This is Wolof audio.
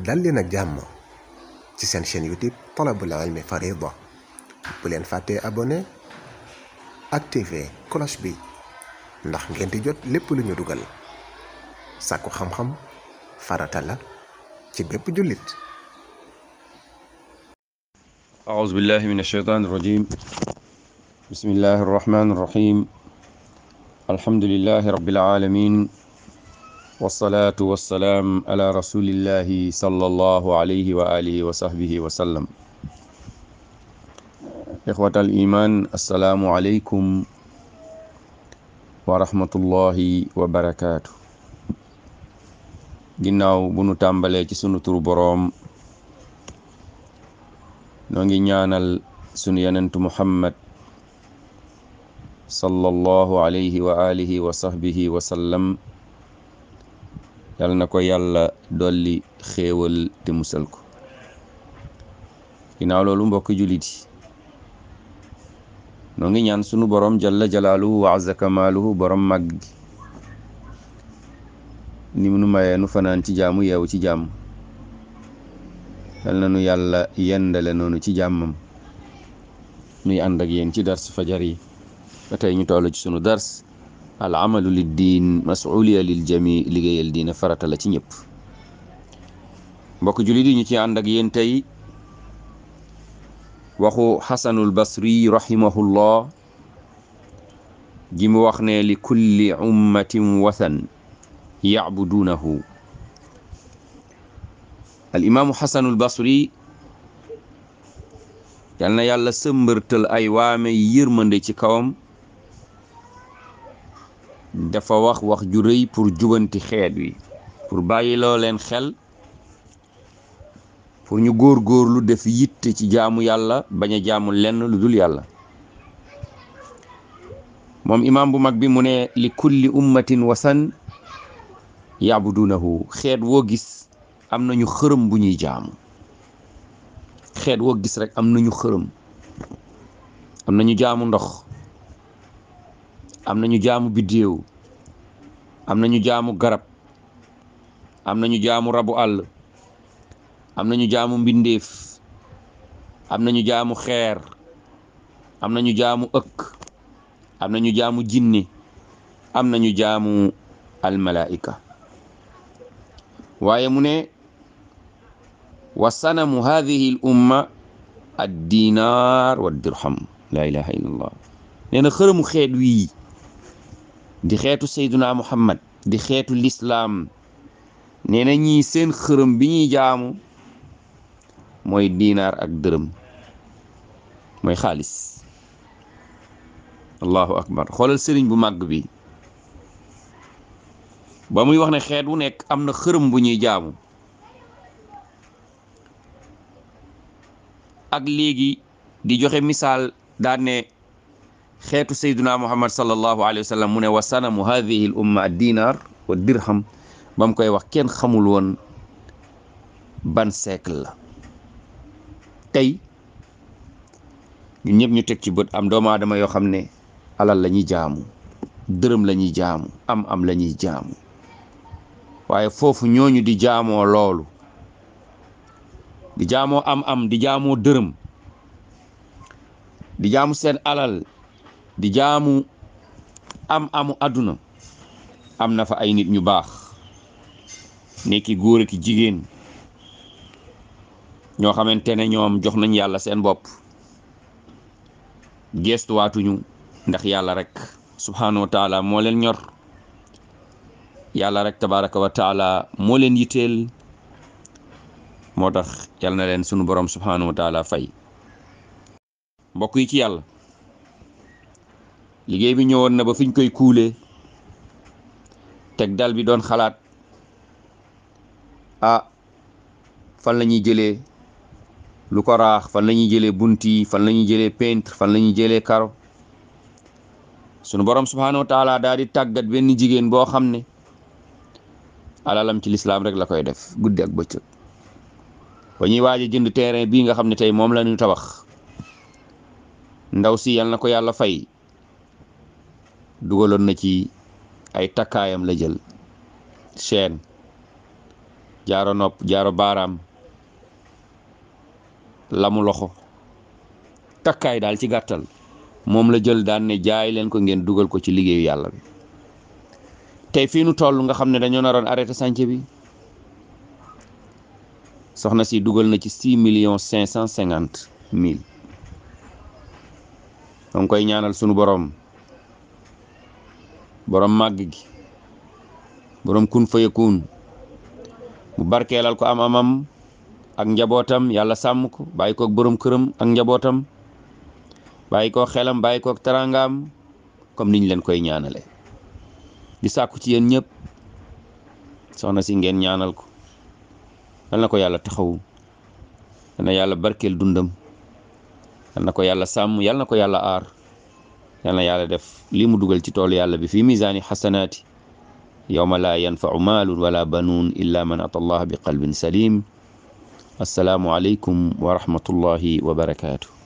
dal leen ak jàmm ci seen chaîne youtube talabul ilmi farida bu leen fàttee abonné activer cloche bi ndax ngeen di jot lépp lu ñu dugal sàkku xam-xam farata la ci bépp jullit أعوذ بالله من الشيطان الرجيم بسم الله الرحمن الرحيم الحمد لله wasalaatu wasalaam ala rasulillahi sallallahu alayhi wa alihi wa sahbihi wa sallam ixwatal iman assalaamu aleykum wa rahmatullahi wa barakaatu ginnaaw bu nu tàmbalee ci sunu tur boroom noo ngi ñaanal sunu yenentu muhammad sallallahu alayhi wa alihi wa yàlla na ko yàlla dolli xéewal te musal ko ginnaaw loolu mbokk jullit yi noo ngi ñaan sunu borom jalla jalaaluhu wa azza kamaaluhu borom màgg gi ni mu nu nu fanaan ci jaamu yeewu ci jàmm yal na nu yàlla yendale noonu ci jàmmam nuy ànd ak yéen ci dars fajar yi ñu toll ci sunu dars al amalu lid diin masuuliya lil jami liggéeyal ci ñëpp mbokk jullit yi ñu ci ànd ak yéen tey waxu basri rahimahullah ji mu wax ne li kulli ummatin wathan yacbuduunahu al imaamu xasanul basri yal na ay waame yërmande ci kawam dafa wax wax ju rëy pour jubanti xeet wi pour bàyyi loo leen xel pour ñu góor góor lu def yitte ci jaamu yàlla bañ a jaamu lenn lu dul yàlla moom imaam bu mag bi mu ne li kulli ummatin wasan yaabudunahu xeet woo gis am nañu xërëm bu ñuy jaamu xeet woo gis rek am nañu xërëm am nañu jaamu ndox am na ñu jaamu biddéew am nañu jaamu garab am nañu ñu jaamu rabu àll am nañu ñu jaamu mbindéef am nañu jaamu xeer am nañu jaamu ëkk am nañu ñu jaamu jinni am nañu jaamu almalaika waaye mu ne wasanamu sanamu hadihi l umma allah nee na xërëmu wii di xeetu sayduna muhammad di xeetu lislaam nee na ñii seen xërëm bi ñuy jaamu mooy diinaar ak dërëm mooy xaalis allahu akbar xoolal sëriñ bu màgg bi ba muy wax ne xeet wu nekk am na xërëm bu ñuy jaamu ak léegi di joxe misaal daan xeetu sayduna muhammad sallallahu alayhi wa sallam mu ne wa sanamu hadihi l umma ad dinar wa dirham ba mu koy wax kenn xamul woon ban siècle la tey ñu teg ci bët am doomu aadama yoo xam ne alal la ñuy jaamu dërëm la ñuy jaamu am am la ñuy jaamu waaye foofu ñooñu di jaamoo loolu di jaamoo am am di jaamoo dërëm di jaamu seen alal di jaamu am amu àdduna am na fa ay nit ñu baax nekki góor ak jigéen ñoo xamante ne ñoom jox nañ yàlla seen bopp geestuwaatuñu ndax yàlla rek subhaanahu wa moo leen ñor yàlla rek tabaraka wa taala moo leen yitteel moo tax yal na leen sunu borom subhaanahu wa fay mbokk yi ci yàlla liggéey bi ñëwoon na ba fi ñu koy kuulee teg dal bi doon xalaat a ah, fan la ñuy jëlee lu ko raax fan la ñuy jëlee bunt yi fan lañuy ñuy jëlee peintre fan la ñuy jëlee karo sunu borom subhaanahu wa taala daal di tàggat benn jigéen boo xam ne alalam ci lislaam rek la koy def guddi ak bëccëg ba ñuy waaj jënd terrain bii nga xam ne tey moom la ñu tabax ndaw si yal na ko yàlla fay dugaloon na ci ay takkaayam la jël chaîne jaaro nopp jaaro baaraam lamu loxo takkaay daal ci gàttal moom la jël daan ne jaay leen ko ngeen dugal ko ci liggéeyu yàlla bi tey fii nu toll nga xam ne dañoo naroon arrêté chantier bi soxna si dugal na ci six millions cinq cent cinquante mille koy ñaanal sunu borom. borom màgg gi borom kun fa yakun mu barkeelal ko am amam ak njabootam yàlla sàmm ko bàyyi kook borom këram ak njabootam bàyyi kook xelam bàyyi kook teraangam comme niñ leen koy ñaanale di sàkku ci yéen ñëpp soxna si ngeen ñaanal ko yal na ko yàlla taxawu yal na yàlla barkeel dundam yal na ko yàlla sàmm yàlla na ko yàlla aar yal na yàlla def lii mu dugal ci toolu yàlla bi fii misaani xasanaati yowma laa yanfau maalun wala banuun illa man ata allah bi qalbin salim assalaamu aleykum wa rahmatullahi wa barakaatu